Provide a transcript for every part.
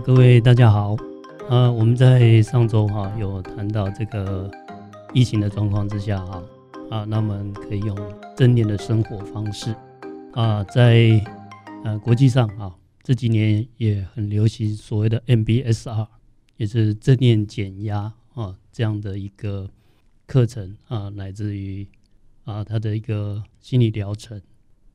各位大家好，啊，我們在上周哈、啊、有談到這個疫情的狀況之下啊，啊那我們可以用正念的生活方式啊，在呃、啊、國際上啊這幾年也很流行所謂的 MBSR，也是正念減壓啊這樣的一個課程啊，來自於啊它的一個心理療程，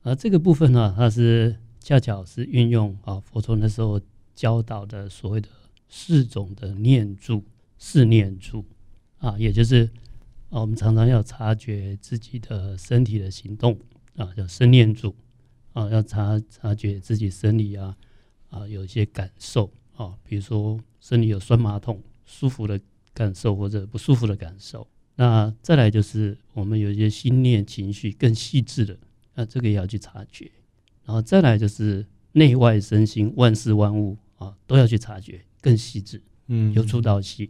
而、啊、這個部分呢、啊，它是恰巧是運用啊佛陀那時候教導的所謂的四種的念住，四念住啊，也就是啊我們常常要察覺自己的身體的行動啊，叫身念住啊，要察察覺自己身體啊啊有一些感受啊，比如說身體有酸麻痛舒服的感受或者不舒服的感受。那再來就是我們有一些心念情緒更細緻的，那這個也要去察覺。然後再來就是內外身心萬事萬物。啊，都要去察覺，更細緻，嗯，由粗到細，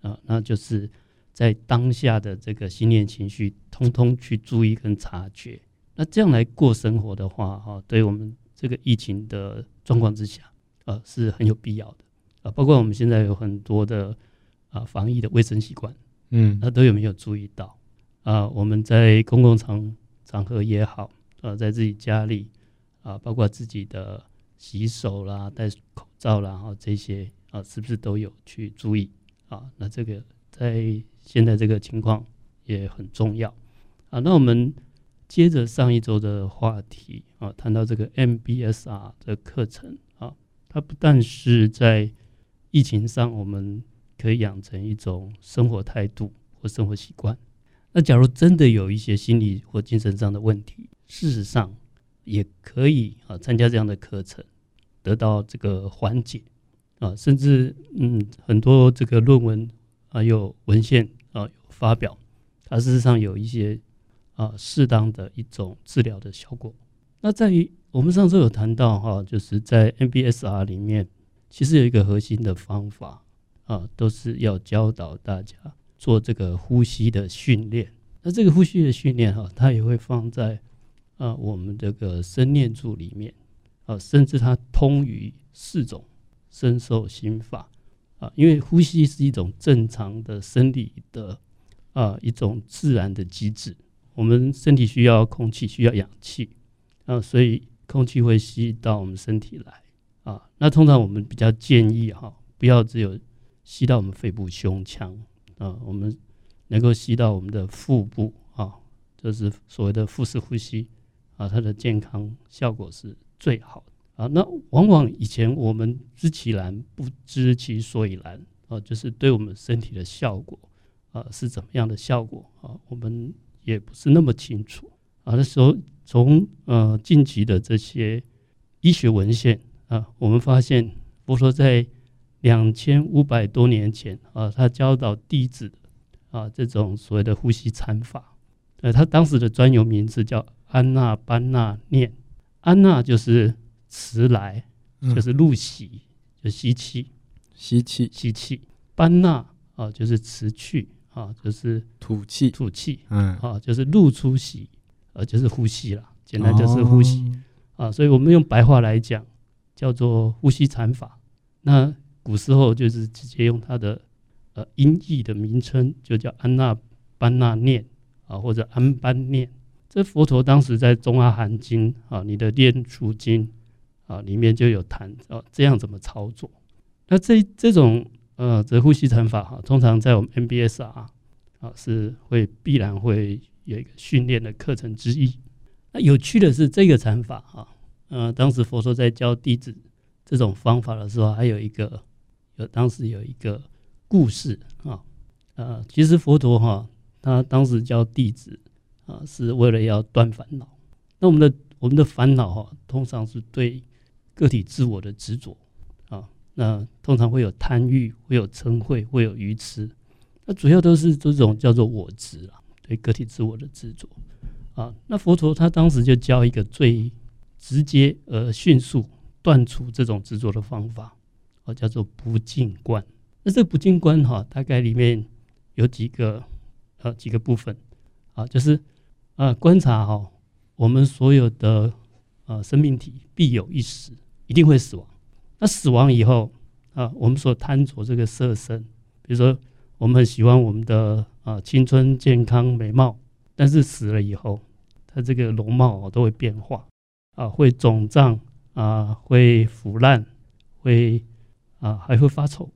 啊，那就是在當下的這個心念情緒，通通去注意跟察覺。那這樣來過生活的話，哈、啊，對我們這個疫情的狀況之下，啊，是很有必要的，啊，包括我們現在有很多的啊防疫的衛生習慣，嗯，那、啊、都有沒有注意到？啊，我們在公共場場合也好，啊，在自己家裡啊，包括自己的洗手啦，戴口。照，然後這些啊，是不是都有去注意啊？那這個在現在這個情況也很重要啊。那我們接着上一周的話題啊，談到這個 MBSR 的課程啊，它不但是在疫情上，我們可以養成一種生活態度或生活習慣。那假如真的有一些心理或精神上的問題，事實上也可以啊參加這樣的課程。得到這個緩解啊，甚至嗯，很多這個論文啊，有文獻啊發表，它、啊、事實上有一些啊適當的一種治療的效果。那在於我們上週有談到哈、啊，就是在 MBSR 裡面，其實有一個核心的方法啊，都是要教導大家做這個呼吸的訓練。那這個呼吸的訓練哈、啊，它也會放在啊我們這個身念處裡面。啊，甚至它通於四種，身受心法，啊，因為呼吸是一種正常的生理的啊一種自然的機制，我們身體需要空氣，需要氧氣，啊，所以空氣會吸到我們身體來，啊，那通常我們比較建議哈、啊，不要只有吸到我們肺部胸腔，啊，我們能夠吸到我們的腹部，啊，這、就是所謂的腹式呼吸，啊，它的健康效果是。最好啊，那往往以前我們知其然不知其所以然啊，就是對我們身體的效果啊是怎麼樣的效果啊，我們也不是那麼清楚啊。那時候從呃、啊，近期的這些醫學文獻啊，我們發現，佛說在兩千五百多年前啊，他教導弟子啊，這種所謂的呼吸禪法，呃，他當時的專有名字叫安那般那念。安那就是持來，就是入息，嗯、就是、吸氣；吸氣吸氣。般那啊，就是持去啊，就是吐氣吐氣，吐氣、嗯。啊，就是入出息，啊，就是呼吸了，簡單就是呼吸、哦、啊。所以我們用白話來講，叫做呼吸禪法。那古時候就是直接用它的呃音譯的名稱，就叫安那般那念啊，或者安般念。這佛陀當時在《中阿含經》啊，你的念處經啊，裡面就有談啊，這樣怎麼操作？那這這種呃，這呼吸禪法哈、啊，通常在我們 MBSR 啊，啊是會必然會有一個訓練的課程之一。那有趣的是這個禪法哈、啊，呃，當時佛陀在教弟子這種方法的時候，還有一個有當時有一個故事啊呃，其實佛陀哈、啊，他當時教弟子。啊，是為了要斷煩惱。那我們的我們的煩惱哈，通常是對個體自我的執着啊。那通常會有貪欲，會有嗔恚，會有愚痴。那主要都是這種叫做我執啊，對個體自我的執着啊。那佛陀他當時就教一個最直接而迅速斷除這種執着的方法，啊，叫做不淨觀。那這不淨觀哈，啊，大概裡面有幾個呃，啊，幾個部分啊，就是。啊、呃，觀察哦，我們所有的啊、呃、生命體必有一死，一定會死亡。那死亡以後啊、呃，我們所貪着這個色身，比如說我們很喜歡我們的啊、呃、青春、健康、美貌，但是死了以後，它這個容貌、哦、都會變化啊、呃，會腫脹啊、呃，會腐爛，會啊、呃、還會發臭。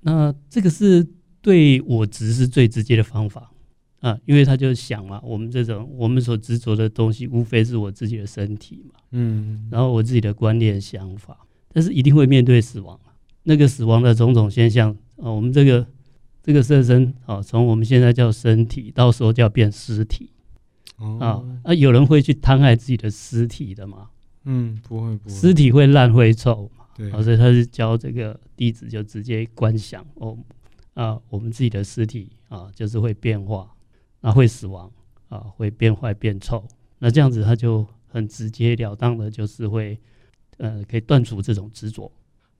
那這個是對我執是最直接的方法。啊，因為他就想嘛，我們這種我們所執着的東西，無非是我自己的身體嘛。嗯，嗯，然後我自己的觀念想法，但是一定會面對死亡。那個死亡的種種現象啊，我們這個這個色身啊，從我們現在叫身體，到時候就要變屍體。哦啊。啊，有人會去貪愛自己的屍體的嗎？嗯，不會，不會。屍體會爛會臭嘛？對，啊。所以他是教這個弟子就直接觀想哦，啊，我們自己的屍體啊，就是會變化。那會死亡啊，會變壞變臭。那這樣子，他就很直截了當的，就是會呃，可以斷除這種執着，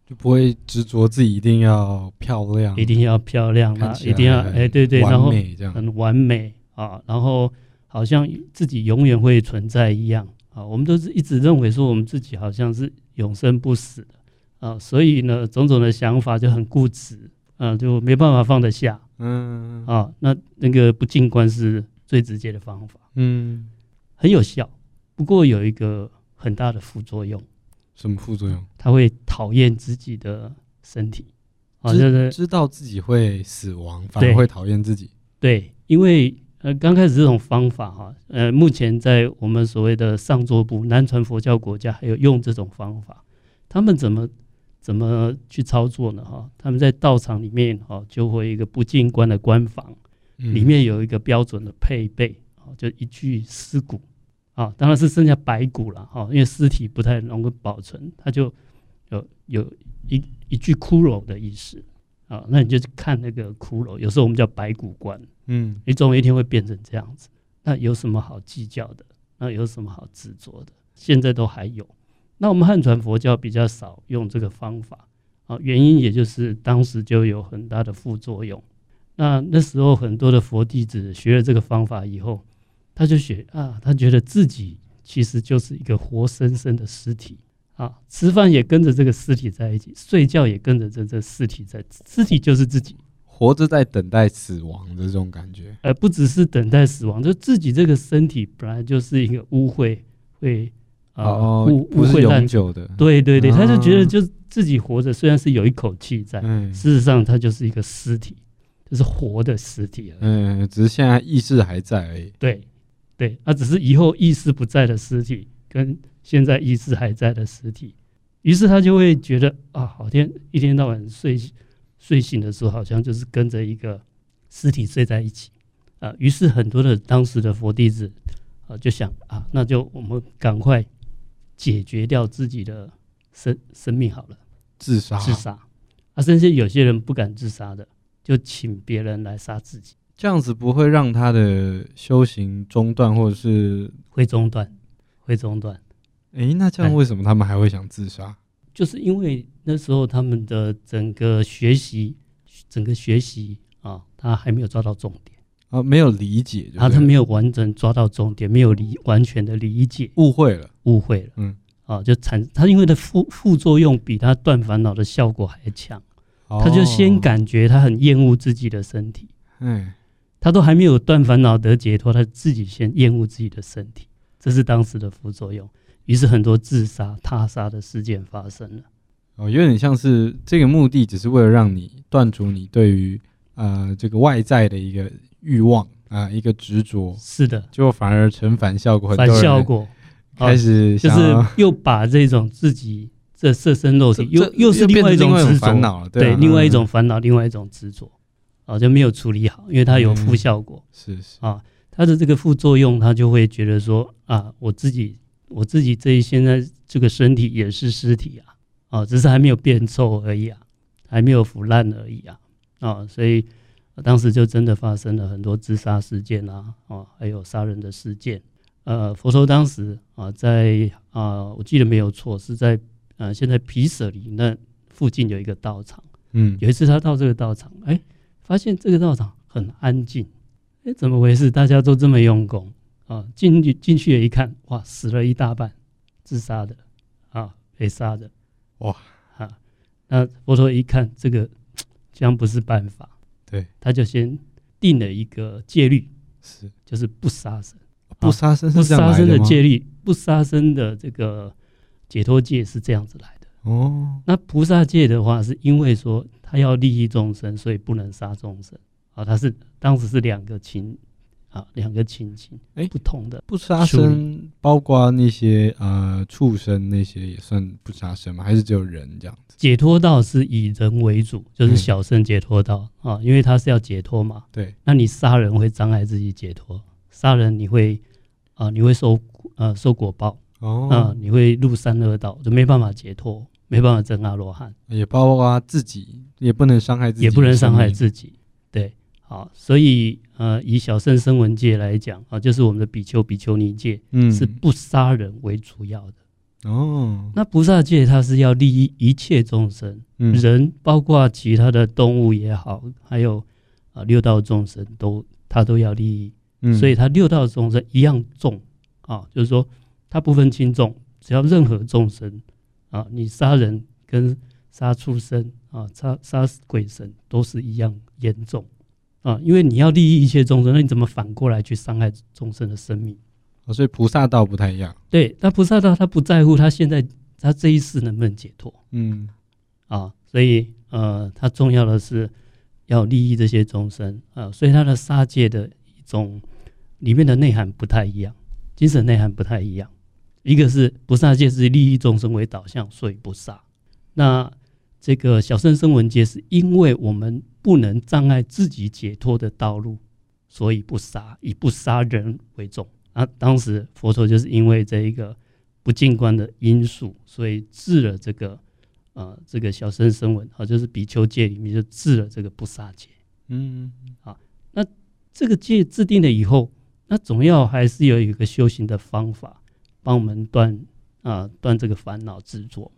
就不會執着自己一定要漂亮，一定要漂亮啦，一定要哎、欸、對對，然後很完美啊，然後好像自己永遠會存在一樣啊。我們都是一直認為說我們自己好像是永生不死的啊，所以呢，種種的想法就很固執，啊，就沒辦法放得下。嗯嗯嗯，啊，那那個不淨觀是最直接的方法，嗯，很有效。不過有一個很大的副作用，什麼副作用？他會討厭自己的身體，啊，就是知道自己會死亡，反而會討厭自己。對，對，因為呃，剛開始這種方法哈，呃，目前在我們所謂的上座部南傳佛教國家還有用這種方法，他們怎麼？怎麼去操作呢？哈，他們在道場裡面，哈，就會一個不進關的關房，裡面有一個標準的配備，啊，就一具屍骨，啊，當然是剩下白骨了，哈，因為屍體不太能夠保存，他就有有一一具骷髏的意思，啊，那你就去看那個骷髏，有時候我們叫白骨觀，嗯，你總有一天會變成這樣子，那有什麼好計較的？那有什麼好執着的？現在都還有。那我們漢傳佛教比較少用這個方法，啊，原因也就是當時就有很大的副作用。那那時候很多的佛弟子學了這個方法以後，他就學啊，他覺得自己其實就是一個活生生的屍體，啊，吃飯也跟着這個屍體在一起，睡覺也跟着着這這屍體在一起，屍體就是自己活着在等待死亡的這種感覺。而，呃，不只是等待死亡，就自己這個身體本來就是一個污穢會。啊、呃、哦，不不會很久的，對對對，他就覺得就自己活着，哦、雖然是有一口氣在、嗯，事實上他就是一個屍體，就是活的屍體，嗯，只是現在意識還在而已。對對，他只是以後意識不在的屍體，跟現在意識還在的屍體，於是他就會覺得啊，好天一天到晚睡，睡醒的時候好像就是跟着一個屍體睡在一起啊。於是很多的當時的佛弟子啊，就想啊，那就我們趕快。解決掉自己的生生命好了，自殺自殺，啊，甚至有些人不敢自殺的，就請別人來殺自己。這樣子不會讓他的修行中斷，或者是會中斷，會中斷。哎，欸，那這樣為什麼他們還會想自殺？哎，就是因為那時候他們的整個學習，整個學習啊，他還沒有抓到重點。啊、哦，沒有理解，然、啊、後他沒有完整抓到重點，沒有理完全的理解，誤會了，誤會了，嗯，啊、哦，就產他因為的副副作用比他斷煩惱的效果還強、哦，他就先感覺他很厭惡自己的身體，嗯，他都還沒有斷煩惱得解脫，他自己先厭惡自己的身體，這是當時的副作用，於是很多自殺、他殺的事件發生了，哦，有點像是這個目的只是為了讓你斷除你對於啊、呃、這個外在的一個。欲望啊、呃，一個執着是的，就反而成反效果，反效果開始、哦、就是又把這種自己這色身肉體又，又又是另外一種對、啊、對，另外一種煩惱、嗯，另外一種執着啊，就沒有處理好，因為它有副效果、嗯、是是啊、哦，它的這個副作用，它就會覺得說啊，我自己我自己這現在這個身體也是屍體啊啊、哦，只是還沒有變臭而已啊，還沒有腐爛而已啊啊、哦，所以。啊、當時就真的發生了很多自殺事件啊，哦、啊，還有殺人的事件。呃，佛陀當時啊，在啊，我記得沒有錯，是在啊，現在毗舍離那附近有一個道場。嗯，有一次他到這個道場，哎、欸，發現這個道場很安靜。哎、欸，怎麼回事？大家都這麼用功啊？進去進去一看，哇，死了一大半，自殺的啊，被殺的，哇哈、啊！那佛陀一看，這個將不是辦法。對，他就先定了一個戒律，是就是不殺生、啊，不殺生是這樣的。不殺生的戒律，不殺生的這個解脫戒是這樣子來的。哦，那菩薩戒的話，是因為說他要利益眾生，所以不能殺眾生啊。他是當時是兩個情。好、啊，兩個情境，欸，不同的不殺生，包括那些呃畜生，那些也算不殺生嗎？還是只有人這樣子？解脫道是以人為主，就是小乘解脫道，嗯、啊，因為他是要解脫嘛。對，那你殺人會障礙自己解脫，殺人你會啊，呃，你會受呃受果報哦，啊，你會入三惡道，就沒辦法解脫，沒辦法證阿羅漢。也包括自己，也不能傷害自己，也不能傷害，害自己。對，好、啊，所以。呃，以小乘聲聞戒來講啊，就是我們的比丘、比丘尼戒，嗯，是不殺人為主要的。哦，那菩薩戒它是要利益一切眾生、嗯，人包括其他的動物也好，還有啊六道眾生都他都要利益、嗯，所以他六道眾生一樣重啊，就是說他不分輕重，只要任何眾生啊，你殺人跟殺畜生啊，殺殺死鬼神都是一樣嚴重。啊，因為你要利益一切眾生，那你怎麼反過來去傷害眾生的生命？啊、哦，所以菩薩道不太一樣。對，那菩薩道，他不在乎他現在他這一世能不能解脫。嗯，啊，所以呃，他重要的是要利益這些眾生啊，所以他的殺戒的一種裡面的內涵不太一樣，精神內涵不太一樣。一個是菩薩戒是利益眾生為導向，所以菩薩那。這個小乘聲聞戒是因為我們不能障礙自己解脫的道路，所以不殺，以不殺人為重。啊，當時佛陀就是因為這一個不淨觀的因素，所以制了這個，呃，這個小乘聲聞，啊，就是比丘戒裡面就制了這個不殺戒。嗯，嗯，嗯，好、啊，那這個戒制定了以後，那總要還是有一個修行的方法，幫我們斷啊斷這個煩惱執著。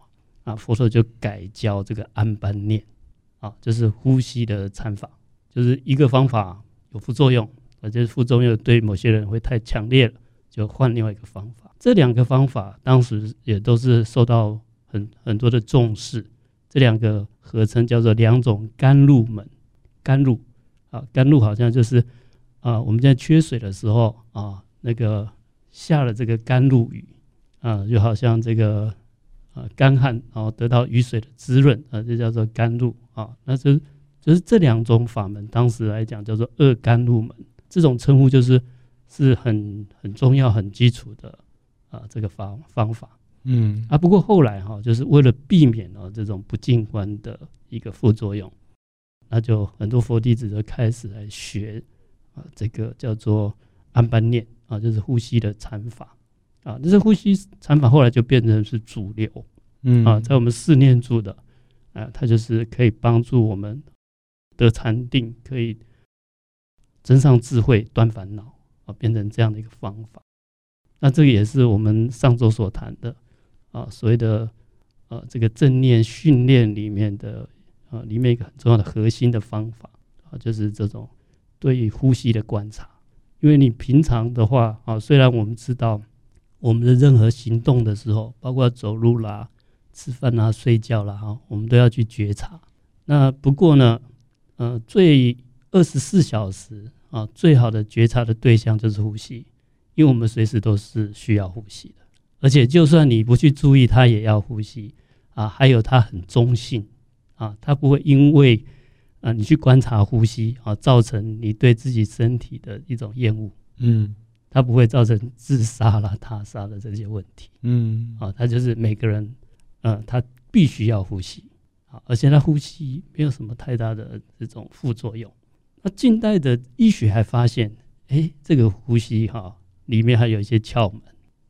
啊，佛陀就改教這個安般念，啊，就是呼吸的禪法，就是一個方法有副作用，啊，就是副作用對某些人會太強烈了，就換另外一個方法。這兩個方法當時也都是受到很很多的重視，這兩個合稱叫做兩種甘露門，甘露，啊，甘露好像就是，啊，我們現在缺水的時候啊，那個下了這個甘露雨，啊，就好像這個。啊、乾旱，然後得到雨水的滋潤，啊，就叫做甘露，啊，那就就是這兩種法門，當時來講叫做二甘露門，這種稱呼就是是很很重要、很基礎的，啊，這個方方法，嗯，啊，不過後來哈、啊，就是為了避免呢、啊、這種不淨觀的一個副作用，那就很多佛弟子就開始來學，啊，這個叫做安般念，啊，就是呼吸的禪法。啊，這是呼吸禪法，後來就變成是主流。嗯，啊，在我們四念住的，啊，它就是可以幫助我們的禪定，可以增上智慧，斷煩惱，啊，變成這樣的一個方法。那這個也是我們上周所談的，啊，所謂的，呃、啊，這個正念訓練裡面的，啊，裡面一個很重要的核心的方法，啊，就是這種對於呼吸的觀察。因為你平常的話，啊，雖然我們知道。我們的任何行動的時候，包括走路啦、吃飯啦、睡覺啦，哈、啊，我們都要去覺察。那不過呢，呃，最二十四小時啊，最好的覺察的對象就是呼吸，因為我們隨時都是需要呼吸的。而且，就算你不去注意它，也要呼吸啊。還有，它很中性啊，它不會因為啊，你去觀察呼吸啊，造成你對自己身體的一種厭惡。嗯。它不會造成自殺啦，他殺的這些問題。嗯，啊，它就是每個人，嗯、呃，他必須要呼吸，好、啊，而且他呼吸沒有什麼太大的這種副作用。那、啊、近代的醫學還發現，誒、欸，這個呼吸哈、啊、裡面還有一些竅門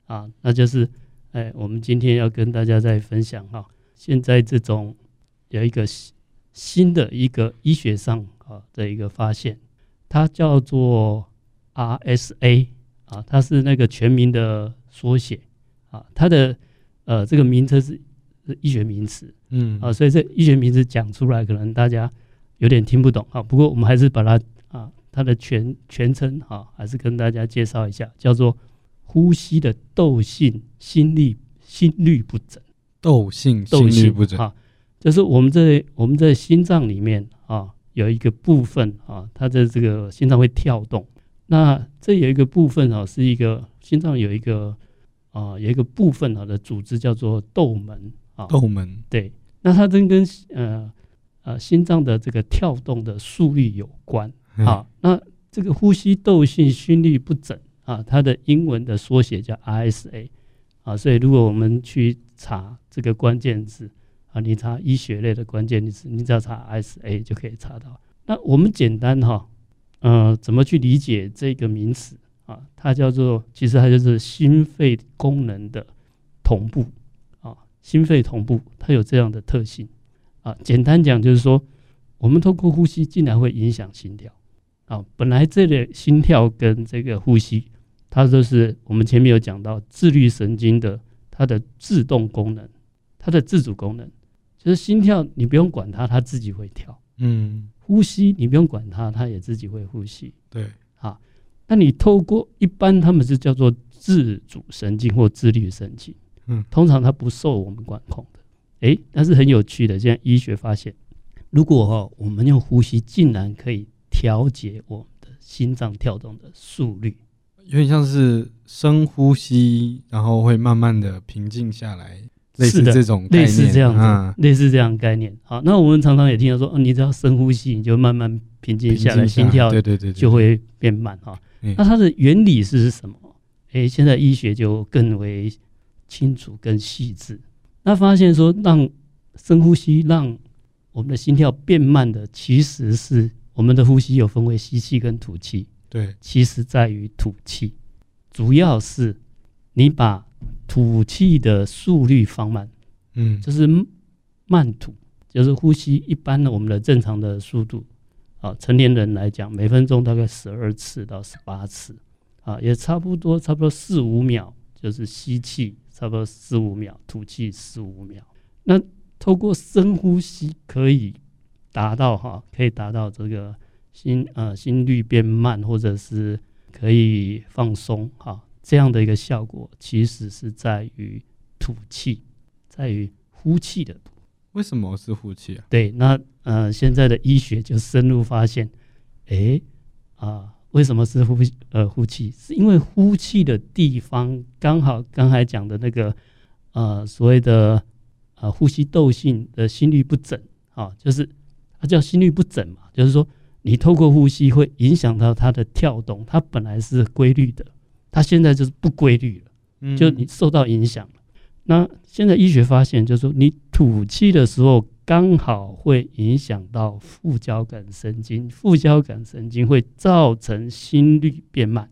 啊，那就是，誒、欸，我們今天要跟大家再分享哈、啊，現在這種有一個新新的一個醫學上啊的一個發現，它叫做 RSA。啊，它是那個全名的縮寫，啊，它的呃這個名稱是，是醫學名詞，嗯啊，所以這醫學名詞講出來可能大家有點聽不懂啊。不過我們還是把它啊它的全全稱哈，啊，還是跟大家介紹一下，叫做呼吸的竇性心律心律不整，竇性心律不整性啊，就是我們在我們在心臟裡面啊有一個部分啊，它的這個心臟會跳動。那這有一個部分哈、哦，是一個心臟有一個啊，有一個部分哈的組織叫做竇門啊，竇門對。那它真跟呃呃、啊、心臟的這個跳動的速率有關好、啊嗯，那這個呼吸竇性心律不整啊，它的英文的縮寫叫 RSA 啊。所以如果我們去查這個關鍵字啊，你查醫學類的關鍵詞，你只要查 SA 就可以查到。那我們簡單哈、啊。呃，怎麼去理解這個名詞啊？它叫做，其實它就是心肺功能的同步啊，心肺同步，它有這樣的特性啊。簡單講就是說，我們通過呼吸竟然會影響心跳啊。本來這個心跳跟這個呼吸，它就是我們前面有講到自律神經的它的自動功能，它的自主功能，就是心跳你不用管它，它自己會跳。嗯。呼吸，你不用管它，它也自己會呼吸。對，好、啊，那你透過一般他們是叫做自主神經或自律神經，嗯，通常它不受我們管控的。哎、欸，但是很有趣的，現在醫學發現，如果哦，我們用呼吸，竟然可以調節我們的心臟跳動的速率，有點像是深呼吸，然後會慢慢的平靜下來。類似是的，這種類似這樣子，啊、類似這樣概念。好，那我們常常也聽到說，啊、你只要深呼吸，你就慢慢平靜下來，心跳就會變慢哈、哦嗯。那它的原理是什麼？哎、欸，現在醫學就更為清楚，跟細緻。那發現說，讓深呼吸讓我們的心跳變慢的，其實是我們的呼吸有分為吸氣跟吐氣。對，其實在於吐氣，主要是你把。吐氣的速率放慢，嗯，就是慢吐，就是呼吸一般的我們的正常的速度，啊，成年人來講，每分鐘大概十二次到十八次，啊，也差不多，差不多四五秒就是吸氣，差不多四五秒吐氣，四五秒。那透過深呼吸可以達到哈、啊，可以達到這個心啊、呃、心率變慢，或者是可以放鬆哈。啊這樣的一個效果，其實是在於吐氣，在於呼氣的。為什麼是呼氣啊？對，那呃，現在的醫學就深入發現，哎、欸，啊、呃，為什麼是呼呃呼氣？是因為呼氣的地方剛好剛才講的那個呃所謂的呃呼吸竇性的心律不整啊，就是它叫心律不整嘛，就是說你透過呼吸會影響到它的跳動，它本來是規律的。他現在就是不規律了，就你受到影響了、嗯。那現在醫學發現，就是說你吐氣的時候剛好會影響到副交感神經，副交感神經會造成心率變慢，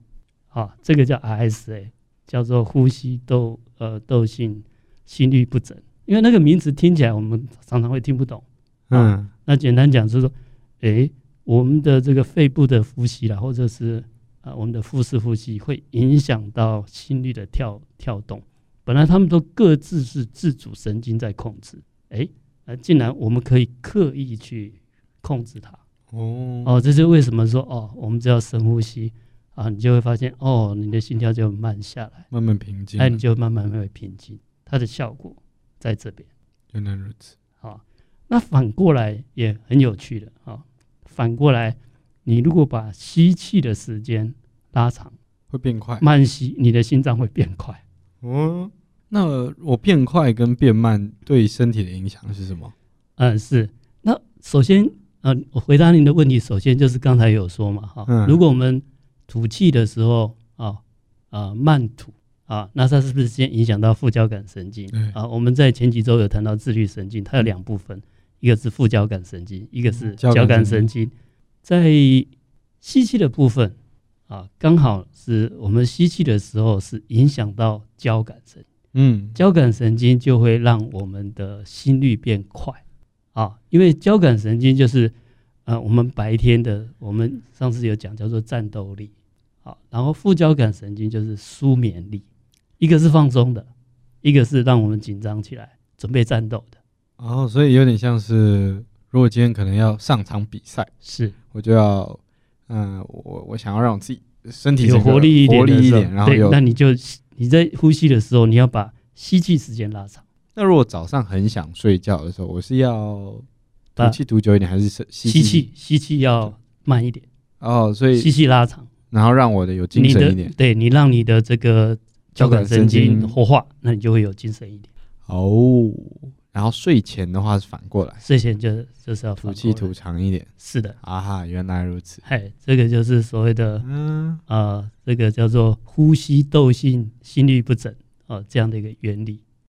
啊。這個叫 RSA，叫做呼吸竇呃竇性心律不整。因為那個名詞聽起來我們常常會聽不懂，啊、嗯，那簡單講就是說，哎、欸，我們的這個肺部的呼吸啦，或者是。啊、我們的腹式呼吸會影響到心率的跳跳動，本來他們都各自是自主神經在控制，誒，那、啊、竟然我們可以刻意去控制它哦哦，這是為什麼說哦，我們只要深呼吸啊，你就會發現哦，你的心跳就慢下來，慢慢平靜，哎、啊，你就會慢慢會平靜，它的效果在這邊。原來如此，好、哦，那反過來也很有趣的，好、哦，反過來。你如果把吸氣的時間拉長，會變快。慢吸，你的心臟會變快。哦、那我變快跟變慢對身體的影響是什麼？嗯，是。那首先，嗯、呃，我回答您的問題，首先就是剛才有說嘛，哈、哦嗯，如果我們吐氣的時候啊啊、哦呃、慢吐啊，那它是不是先影響到副交感神經啊？我們在前幾週有談到自律神經，它有兩部分，一個是副交感神經，一個是交感神經。嗯在吸氣的部分啊，剛好是我們吸氣的時候是影響到交感神，嗯，交感神經就會讓我們的心率變快啊，因為交感神經就是，呃，我們白天的我們上次有講叫做戰鬥力，啊，然後副交感神經就是舒眠力，一個是放鬆的，一個是讓我們緊張起來準備戰鬥的，然後，哦，所以有點像是如果今天可能要上場比賽是。我就要，嗯，我我想要讓自己身體有活力一點活力，活力一點，然後那你就你在呼吸的時候，你要把吸氣時間拉長。那如果早上很想睡覺的時候，我是要吐氣吐久一點，還是吸氣？吸氣要慢一點哦，所以吸氣拉長，然後讓我的有精神一點。你對，你讓你的這個交感神經活化，那你就會有精神一點。好哦。然後睡前的話是反過來，睡前就就是要反過來吐氣吐長一點。是的，啊哈，原來如此。嘿，這個就是所謂的，嗯啊、呃，這個叫做呼吸竇性心律不整啊、呃，這樣的一個原理。